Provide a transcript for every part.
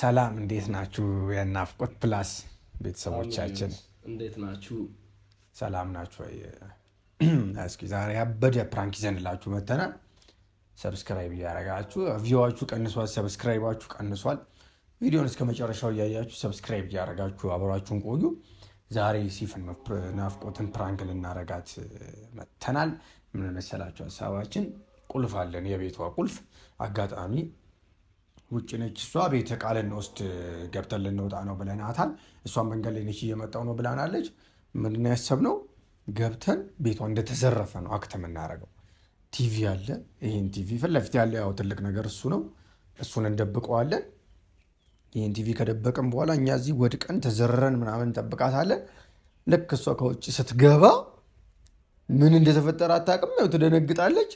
ሰላም እንዴት ናችሁ? የናፍቆት ፕላስ ቤተሰቦቻችን እንዴት ናችሁ? ሰላም ናችሁ? እስኪ ዛሬ ያበደ ፕራንክ ይዘንላችሁ መተናል። ሰብስክራይብ እያደረጋችሁ ቪዋችሁ ቀንሷል፣ ሰብስክራይባችሁ ቀንሷል። ቪዲዮን እስከ መጨረሻው እያያችሁ ሰብስክራይብ እያደረጋችሁ አብራችሁን ቆዩ። ዛሬ ሲፍን ናፍቆትን ፕራንክ ልናረጋት መተናል። ምን መሰላችሁ ሀሳባችን፣ ቁልፍ አለን፣ የቤቷ ቁልፍ። አጋጣሚ ውጭ ነች እሷ። ቤት ዕቃ ልንወስድ ገብተን ልንወጣ ነው ብለናታል። እሷ መንገድ ላይ ነች እየመጣው ነው ብላናለች። ምንድን ነው ያሰብነው? ገብተን ቤቷ እንደተዘረፈ ነው አክት የምናደርገው። ቲቪ አለ። ይህን ቲቪ ፊት ለፊት ያለ ያው ትልቅ ነገር እሱ ነው። እሱን እንደብቀዋለን ይህን ቲቪ ከደበቅን በኋላ እኛ እዚህ ወድቀን ተዘረን ምናምን እንጠብቃታለን። ልክ እሷ ከውጭ ስትገባ ምን እንደተፈጠረ አታውቅም። ያው ትደነግጣለች።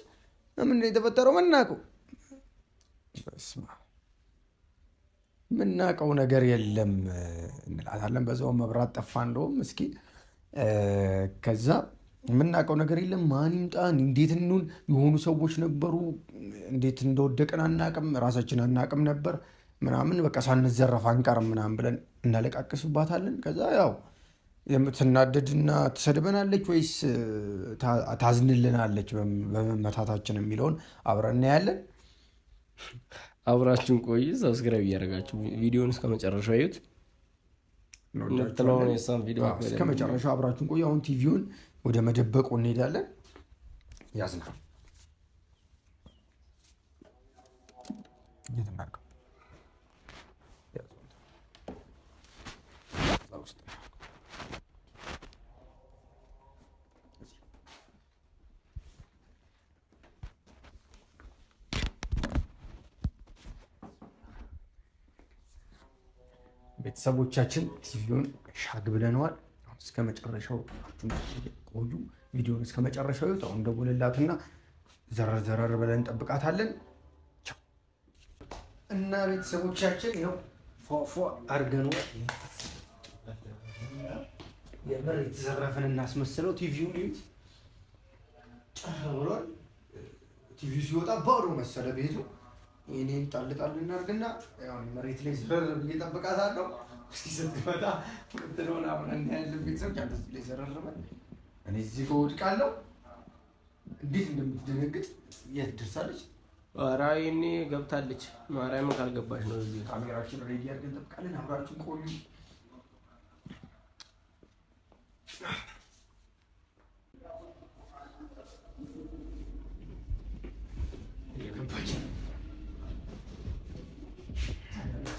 ምን የተፈጠረው ምናውቀው ምናቀው ነገር የለም እንላታለን። በዛውም መብራት ጠፋ እንደውም እስኪ ከዛ የምናውቀው ነገር የለም። ማን ይምጣ፣ እንዴት እንሁን? የሆኑ ሰዎች ነበሩ። እንዴት እንደወደቅን አናቅም ራሳችን አናቅም ነበር። ምናምን በቃ ሳንዘረፍ አንቀርም ምናምን ብለን እናለቃቅስባታለን። ከዛ ያው የምትናደድና ትሰድበናለች ወይስ ታዝንልናለች በመመታታችን የሚለውን አብረን እናያለን። አብራችን ቆይ። ሰብስክራይብ እያደረጋችሁ ቪዲዮን እስከ መጨረሻው እዩት። እስከ መጨረሻው አብራችን ቆይ። አሁን ቲቪውን ወደ መደበቁ እንሄዳለን። ያዝናል ቤተሰቦቻችን ቲቪውን ሻግ ብለነዋል። እስከ መጨረሻው ቆዩ። ቪዲዮን እስከ መጨረሻው ይውጥ። አሁን ደውልላትና ዘረር ዘረር ብለን እንጠብቃታለን። እና ቤተሰቦቻችን ነው ፏፏ አድርገነዋል። የምር የተዘረፈን እናስመስለው። ቲቪው ሊዩት ጭር ብሏል። ቲቪው ሲወጣ ባዶ መሰለ ቤቱ ይህንን ጣል ጣል እናድርግና መሬት ላይ ዘረር ብዬ ጠብቃት አለው። እስኪ ስትመጣ ምትለሆን አብረን ያለን ቤተሰብ ያለስ ላይ ዘረር እኔ እዚህ ከወድቃለው እንዴት እንደምትደነግጥ የት ደርሳለች? ኧረ ይሄኔ ገብታለች። ማርያምን ካልገባች ነው እዚህ ካሜራችን ሬዲ አድርገን ጠብቃለን። አብራችሁ ቆዩ። የገባችን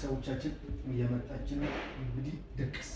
ቤተሰቦቻችን እየመጣችን ነው። እንግዲህ ደቅስ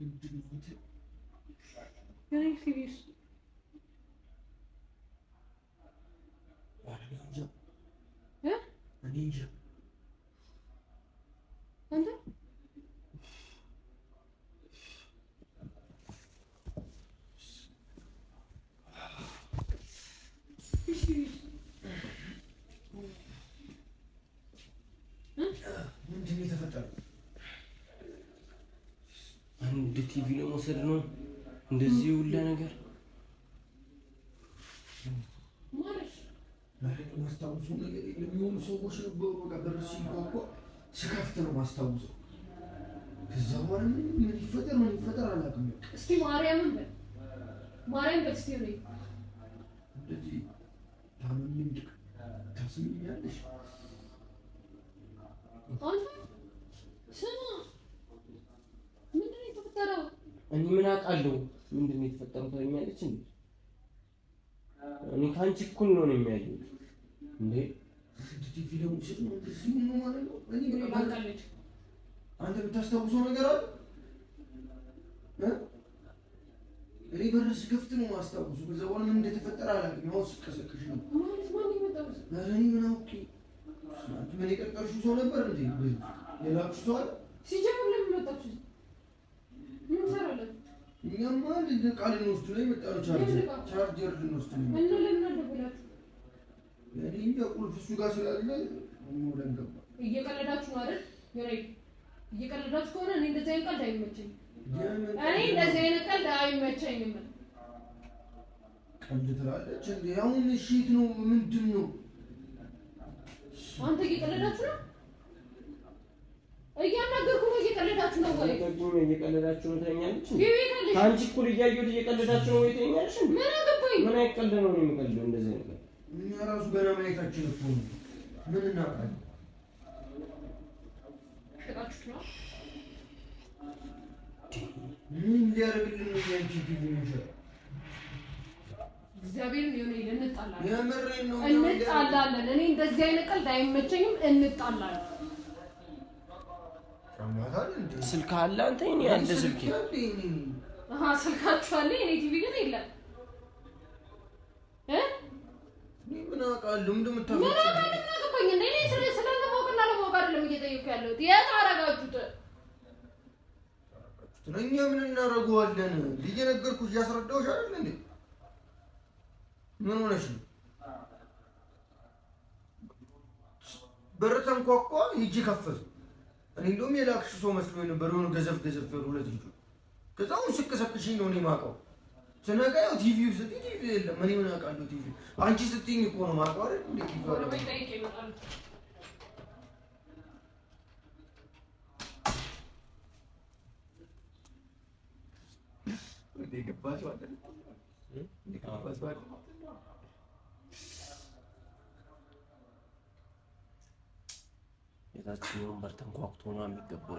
እኔ እንጃ ሰዎች ነበሩ። በሆነ በር ሲንኳኳ ስከፍት ነው ማስታውሰው። ከዛ በኋላ ምን ይፈጠር ምን ይፈጠር አላውቅም። እስቲ ማርያምን በል ማርያም በል እስቲ ነው እንደዚህ ታምም እንድቅ ታስሚኛለሽ። አንተ ስማ፣ ምንድን ነው የተፈጠረው? እኔ ምን አውቃለሁ ምንድን ነው የተፈጠረው ታኛለች እንዴ? እኔ ከአንቺ እኩል ነው ነው የሚያየው እንዴ አንተ የምታስታውሰው ነገር አለ? እኔ በር ስከፍት ነው ማስታውሱ። ከዛ በኋላ ምን እንደተፈጠረ አላውቅም። ያው ስቀሰቅሽ ነው እኔ ምን አውቄ። ምን የቀጠርሽው ሰው ነበር እንዴ? ሌላችሁ ሰው አለ ሲጀምር ለምን መጣችሁ? ምን ሰራለን? እኛማ ቃል ልንወስዱ ነው የመጣነው። ቻርጀር ልንወስዱ ነው። እንደ ቁልፍ እሱ ጋር ስላለ እየቀለዳችሁ አይደል? እየቀለዳችሁ ከሆነ እኔ እንደዚህ አይነት ቀልድ አይመቸኝም። እኔ እንደዚህ አይነት ቀልድ አይመቸኝም። ቀልድ ትላለች እንዴ? አሁን ነው ምንድን ነው? አንተ እየቀለዳችሁ ነው? እያናገርኩ ነው። እየቀለዳችሁ ነው ወይ? እየቀለዳችሁ ነው ከአንቺ እኩል እያየሁት እየቀለዳችሁ ነው ወይ ምን አገባኝ? ምን አይቀልድ ነው የምቀልደው እንደዚህ ነው እኛ ራሱ ገና ማየታችን እኮ ነው። ምን እናውቃለን? ምን ሊያደርግልን ነው? ያንቺ ቲቪ ምንሸር እግዚአብሔርን የሆነ እንጣላለን፣ እኔ እንደዚህ አይነት ቀልድ አይመቸኝም። እንጣላለን። ስልክ አለ አንተ? ያለ ስልክ ቲቪ የለም ምን አውቃለሁ? ምን አገባኝ? እንደ እኔ ስለማወቅና ለማወቅ አይደለም እየጠየኩ ያለሁት። የት አደረጋችሁት? እኛ ምን እናደርገዋለን? እየነገርኩሽ እያስረዳሁሽ አይደል እንዴ? ምን ሆነሽ ነው? በር ተንኳኳ፣ ሂጂ ከፈትኩ። እኔ እንደውም የላክሽ ሰው መስሎኝ ነበር። የሆኑ ገዘፍ ገዘፍ ሁለት ልጆች ከዛውን ስቅሰቅሽኝ ነው እኔ የማውቀው ስነጋ ቲቪ ቲቪው ቲቪ የለም። ምን ምን አውቃለሁ? ቲቪ አንቺ ስትይኝ እኮ ነው ማውቀው እንደ ቲቪ አለ የታችኛውን በር ተንኳኩቶ ነው የሚገባው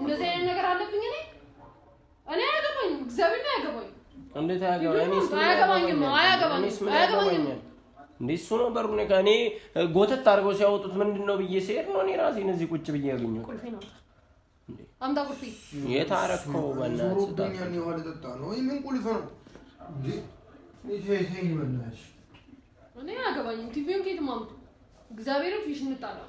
እንደዚህ አይነት ነገር አለብኝ እኔ እኔ አያገባኝ እግዚአብሔር ነው አያገባኝ። እንዴት አያገባኝም? አያገባኝም፣ አያገባኝም እንዴ እሱ ነው በሩን ከኔ ጎተት አድርገው ሲያወጡት ምንድን ነው ብዬ ስሄድ ነው እኔ ራሴን እዚህ ቁጭ ብዬ ያገኘው። አምጣ ቁልፊ የት አደረከው? በእናትህ እኔ አያገባኝም። ቲቪውን ከየት ማምጡ እግዚአብሔርን ፊሽ እንጣላለን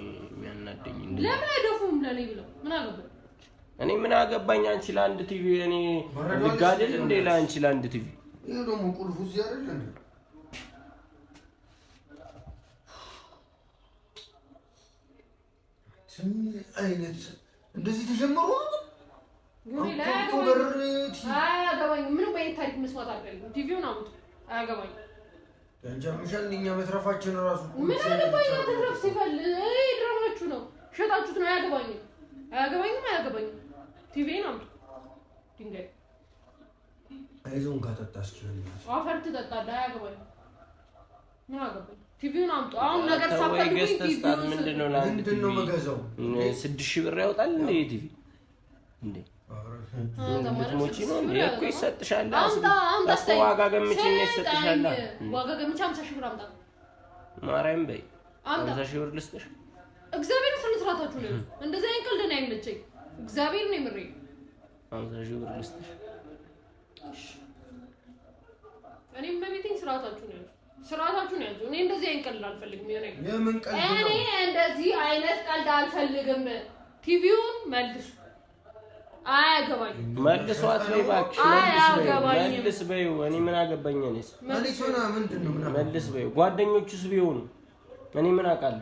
አናደኝ። ለምን አይደፉም? ለኔ ብለው ምን አገባኝ? እኔ ምን አገባኝ? አንቺ ለአንድ ቲቪ እኔ ልጋደል እንዴ? ለአንቺ ለአንድ ቲቪ ይሄ ደግሞ ቁልፉ እዚህ አይደል እንዴ? ምን አይነት እንደዚህ ተጀመሩ ነው? ምን አያገባኝም። ምንም በየት መስማት አልፈልግም። ቲቪውን አምጡ። አያገባኝም። ያንጃምሻል እኛ መትረፋችን ራሱ ምን አገባኝ መትረፍ ሲፈልግ ሸጣችሁት ነው። አያገባኝም፣ አያገባኝም፣ አያገባኝም። ቲቪ ነው ድንጋይ አይዞን ካጠጣስ አፈር ትጠጣለህ። አያገባኝም፣ ምን አገባኝ። ቲቪውን አምጡ። አሁን ነገር ሳፈልጉኝ ቲቪውን ምንድን ነው መገዛው? ስድስት ሺህ ብር ያወጣል እንዴ ቲቪ እንዴ? ነው እንዴ? እኮ ይሰጥሻል። ዋጋ ገምቼ ነው ይሰጥሻል። ዋጋ ገምቼ ሺህ ብር አምጣ። ማርያም በይ ሺህ ብር ልስጥሽ እግዚአብሔር ስራታችሁ ላይ እንደዚህ አይነት ቀልድ ነው አይመቸኝ። እግዚአብሔር ነው የምሬ። እኔም በቤቴኝ ስራታችሁ ነው ስራታችሁ ነው ያዙ። እኔ እንደዚህ አይነት ቀልድ አልፈልግም። እኔ እንደዚህ አይነት ቀልድ አልፈልግም። ቲቪውን መልሱ። አያገባኝ መልሷት ላይ እባክሽ መልስ በይው። እኔ ምን አገባኝ? እኔስ መልስ በይው። ጓደኞቹስ ቢሆኑ እኔ ምን አውቃለሁ?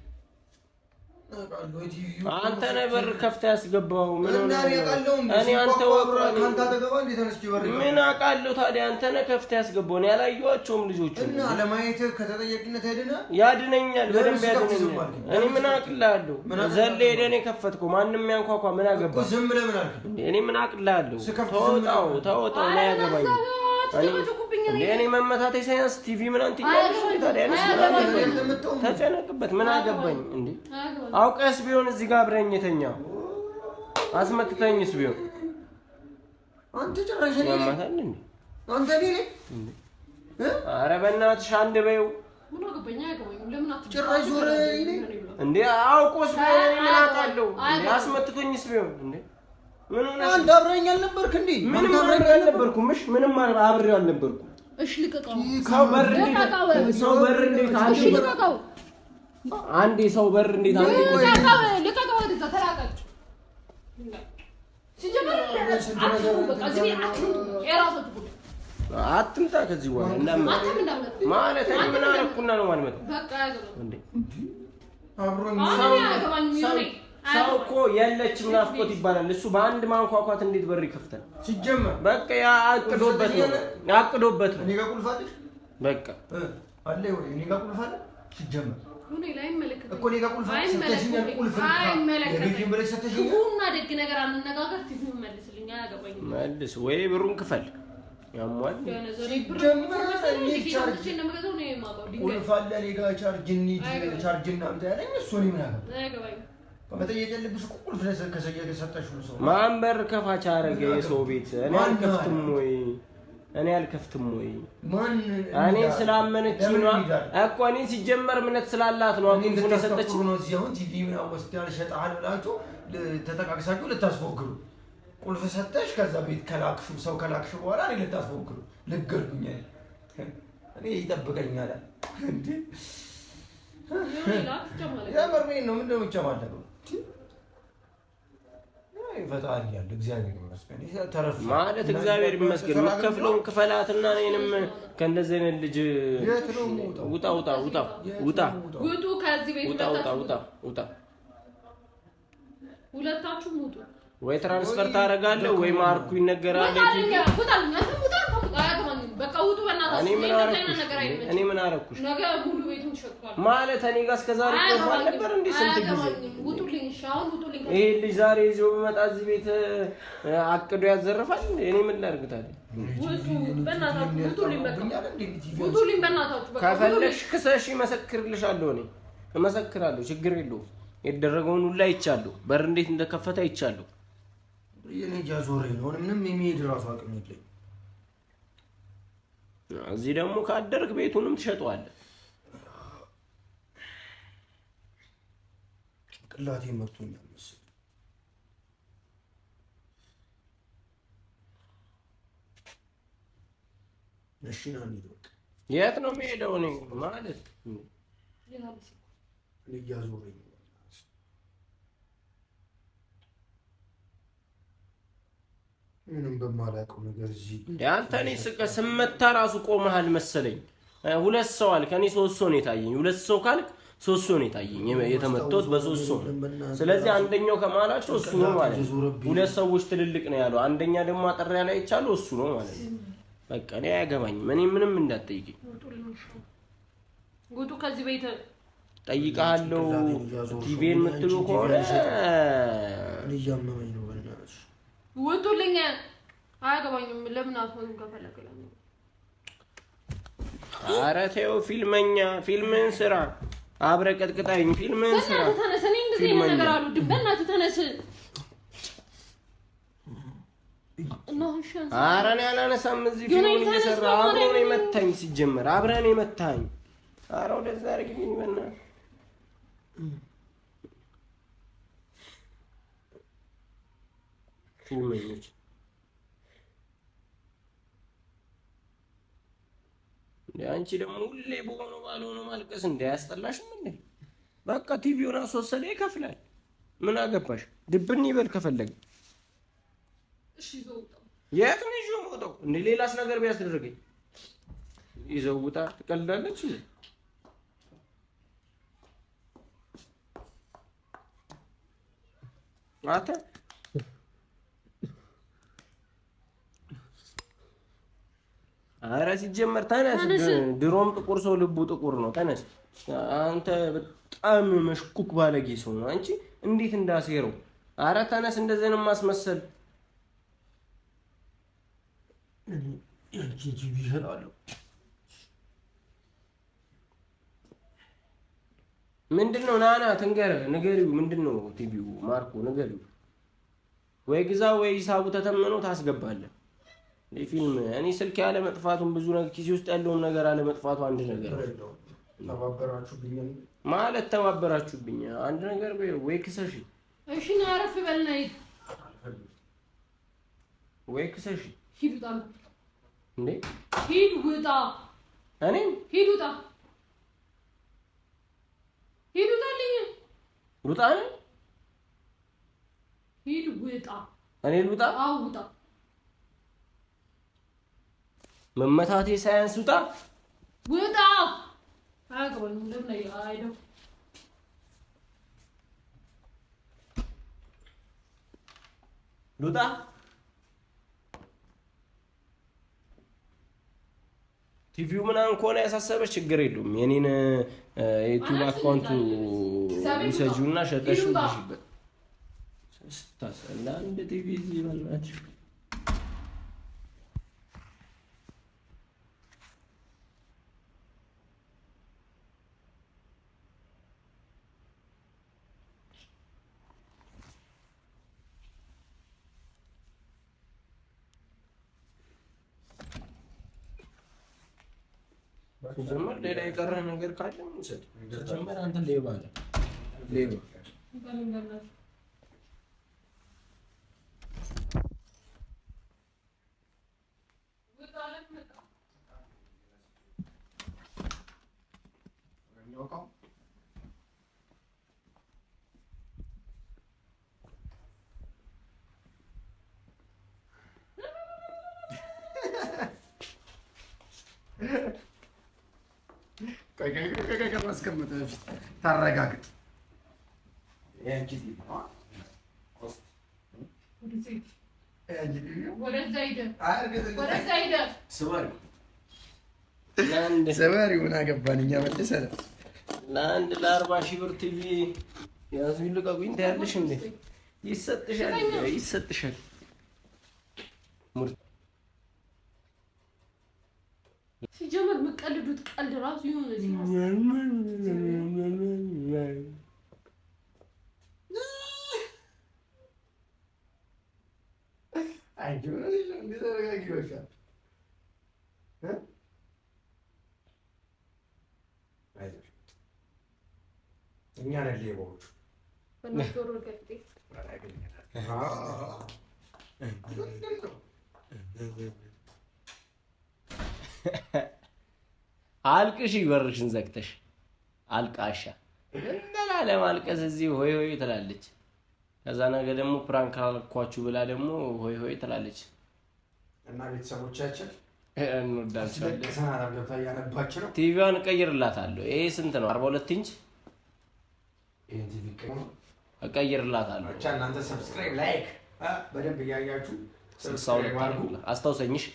አንተ ነህ በር ከፍተህ ያስገባው። ምን ሆነ? እኔ አንተ ምን አውቃለሁ ታዲያ? አንተ ነህ ከፍተህ ያስገባው። እኔ አላየኋቸውም ልጆቹ። ለማየት ከተጠያቂነት ያድነኛል፣ በደንብ ያድነኛል። እኔ ምን አውቅልሃለሁ? ዘለ ሄደህ እኔ ከፈትከው። ማንም ያንኳኳ ምን አገባህ? እኔ ምን አውቅልሃለሁ? ተወጣው፣ ተወጣው፣ ላይ ያገባኝ እኔ መመታቴ ሳይንስ ቲቪ ምናምን ተጨነቅበት። ምን አገባኝ እንዴ? አውቀስ ቢሆን እዚህ ጋር አብረኝ የተኛ አስመትተኝስ ቢሆን አንተ ጭራሽ ኧረ በእናትሽ አንድ በይው እንዴ! አውቆስ ቢሆን ምን አውቃለሁ? አስመትቶኝስ ቢሆን እንዴ አንተ አብረኸኝ አልነበርክ እንዴ? ምንም አብረኸኝ አልነበርኩም። እሺ ምንም አብሬው አልነበርኩም። እሺ ልቀቀው። ሰው በር እንዴት አንዴ ሰው በር እንዴት አንዴ ልቀቀው። ወደዛ አትምጣ ከዚህ በኋላ ማለት ምን አደረኩና ነው የማልመጣው? ሰው እኮ የለችም ናፍቆት ይባላል። እሱ በአንድ ማንኳኳት እንዴት በር ይከፍታል? ሲጀመር በቃ ያ አቅዶበት ነው አቅዶበት ነው። እኔ ጋር ቁልፍ አለሽ? በቃ አለ ወይ? እኔ ጋር ቁልፍ አለ? ሲጀመር እኮ መልስ ወይ ብሩን ክፈል ያሟል ቁልፍ አለ እኔ ጋር ቻርጅ እንሂድ ቻርጅ እናምጣ ያለኝ እሱ እኔ ምን አገባኝ ማንበር ከፋች አረገ የሰው ቤት እኔ አልከፍትም ወይ እኔ አልከፍትም ወይ እኔ ስላመነች ነው እኮ እኔ ሲጀመር እምነት ስላላት ነው አቁንቱን ሰጠች ነው እዚህ አሁን ቲቪ ምናምን ወስደህ ሸጠሃል ብላችሁ ተጠቃቅሳችሁ ልታስፎግሩ ቁልፍ ሰጠሽ ከዛ ቤት ከላክሹ ሰው ከላክሹ በኋላ እኔ ልታስፎግሩ ልገርጉኛል እኔ ይጠብቀኛል እንዴ የምሬን ነው ምንድነው ይጨማለቀው ፈጣሪ ያለ እግዚአብሔር ይመስገን ማለት እግዚአብሔር ይመስገን። የምከፍለውን ክፈላትና እኔንም ከእንደዚህ አይነት ልጅ ውጣ ውጣ ውጣ ውጣ ውጡ ከዚህ ቤት ውጣ ውጣ ውጣ። ሁለታችሁም ውጡ። ወይ ትራንስፈር ታደርጋለህ ወይ ማርኩ ይነገራል። በቃ ውጡ በእናታችሁ። እኔ ምን አደረኩሽ? ነገ ሙሉ ቤቱን ማለት እኔ ጋር እስከ ዛሬ ቆይቷል ነበር እንዴ? ስንት ጊዜ ይሄ ልጅ ዛሬ ይዞ በመጣ እዚህ ቤት አቅዶ ያዘርፋል እኔ ምን ላድርግ ታዲያ? ከፈለሽ ክሰሽ እመሰክርልሻለሁ። እኔ እመሰክራለሁ፣ ችግር የለውም። የተደረገውን ሁላ አይቻለሁ። በር እንዴት እንደከፈተ አይቻለሁ። የኔ ጃዞሬ ነው። ምንም የሚሄድ ራሱ አቅም የለኝም እዚህ ደግሞ ካደርክ ቤቱንም ትሸጠዋለህ። ጭንቅላቴ መርቶኛል መሰለኝ። እሺ ነው የሚሄደው። የት ነው እኔ ማለት እያዞረኝ ምንም በማላውቀው ነገር እዚህ አንተ እኔ ስመታ ራሱ ቆመሃል መሰለኝ። ሁለት ሰው አልክ፣ እኔ ሶስት ሰው ነው የታየኝ። ሁለት ሰው ካልክ ሶስት ሰው ነው የታየኝ፣ የተመታሁት በሶስት ሰው ስለዚህ አንደኛው ከመሀላቸው እሱ ነው ማለት ነው። ሁለት ሰዎች ትልልቅ ነው ያለው፣ አንደኛ ደግሞ አጠር ያለ አይቻለሁ፣ እሱ ነው ማለት ነው። በቃ እኔ አያገባኝም። እኔ ምንም እንዳትጠይቀኝ። ጉዱ ከዚህ ቤት ጠይቃለሁ። ቲቪን የምትሉ ከሆነ ውጡልኝ። አያገባኝም። ለምን አትሞቱም? ከፈለገ አረ ኧረ ፊልመኛ ፊልምን ስራ አብረ ቀጥቅጣኝ። ፊልምን ስራ ተነስ። እኔ እንደዚህ አይነት ነገር አሉ ድበናት ተነስ። ኧረ እኔ አላነሳም። እዚህ ፊልም እየሰራ አብረ ነው የመታኝ። ሲጀመር አብረ ነው የመታኝ። አረ ወደዛ አድርጊልኝ በእናትህ ትንመኞች አንቺ ደግሞ ሁሌ በሆነ ባልሆነ ማልቀስ እንዳያስጠላሽ እንዴ? በቃ ቲቪውን አስወሰደ ይከፍላል። ምን አገባሽ? ድብን ይበል ከፈለገ የት ነው ይዤው የምወጣው? እንደ ሌላስ ነገር ቢያስደርገኝ ይዘውጣ ውጣ። ትቀልዳለች። አንተ አረ ሲጀመር ተነስ። ድሮም ጥቁር ሰው ልቡ ጥቁር ነው። ተነስ። አንተ በጣም መሽኩክ ባለጌ ሰው ነው። አንቺ እንዴት እንዳሴረው። አረ ተነስ። እንደዚህ ማስመሰል ምንድን ነው? ናና ትንገር ንገሪው። ምንድን ነው ቲቪው? ማርኮ ንገሪው። ወይ ግዛ ወይ ሂሳቡ ተተምኖ ታስገባለህ ፊልም እኔ ስልክ ያለ መጥፋቱን ብዙ ነገር ኪሴ ውስጥ ያለውን ነገር አለ መጥፋቱ አንድ ነገር ማለት ተባበራችሁብኝ። አንድ ነገር ወይ ክሰሽ፣ እሺ ነው አረፍ በልና ሂድ፣ ወይ ክሰሽ፣ ሂድ ውጣ፣ እንዴ ሂድ ውጣ፣ እኔ ሂድ ውጣ፣ ሂድ ውጣልኝ፣ ውጣ፣ ሂድ ውጣ፣ እኔ አዎ ውጣ መመታቴ ሳያንስ ውጣ ውጣ። ቲቪው ምናምን ከሆነ ያሳሰበ ችግር የለውም። የኔን የዩቲዩብ አካውንቱ ውሰጂውና ሸጠሽ ሽበት ስታሰላ አንድ ቲቪ ሲጀመር ሌላ የቀረ ነገር ካለ ውሰድ። ሲጀመር አንተ ሌባ ሌባ ከማስቀመጥ በፊት ታረጋግጥ። ሰባሪ ምን አገባን እኛ ለአንድ ለአርባ ሺህ ብር ቲቪ ያዙኝ ልቀቁኝ ታያለሽ እንዴ? ይሰጥሻል፣ ይሰጥሻል። ሲጀመር የምትቀልዱት ቀልድ ራሱ የሆነ እኛ ነን ሌባዎቹ። አልቅሽ ይበርሽን ዘግተሽ አልቃሻ እንደላ ለማልቀስ እዚህ ሆይ ሆይ ትላለች። ከዛ ነገ ደግሞ ፕራንክ አልኳችሁ ብላ ደግሞ ሆይ ሆይ ትላለች። እና ቤተሰቦቻችን እንወዳቸዋለን። ቲቪዋን እቀይርላታለሁ። ይሄ ስንት ነው? አርባ ሁለት ኢንች እቀይርላታለሁ። ብቻ እናንተ ሰብስክራይብ፣ ላይክ በደንብ እያያችሁ አስታውሰኝሽ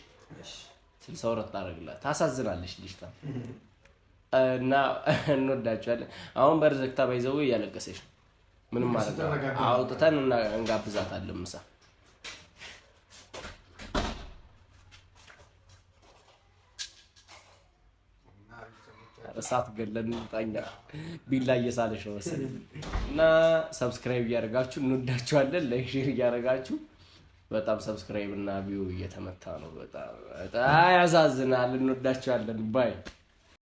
ስልሳ ሁለት ታደርግላት ታሳዝናለች ልጅቷ እና እንወዳቸዋለን። አሁን በርዘግታ ባይዘው እያለቀሰች ነው። ምንም ማለት አውጥተን እንጋብዛታለን ምሳ እሳት ገለን ጣኛ ቢላ እየሳለች ነው መሰለኝ። እና ሰብስክራይብ እያደረጋችሁ እንወዳችኋለን። ላይክ ሼር እያደረጋችሁ በጣም ሰብስክራይብ እና ቪው እየተመታ ነው። በጣም በጣም ያሳዝናል። እንወዳቸዋለን ባይ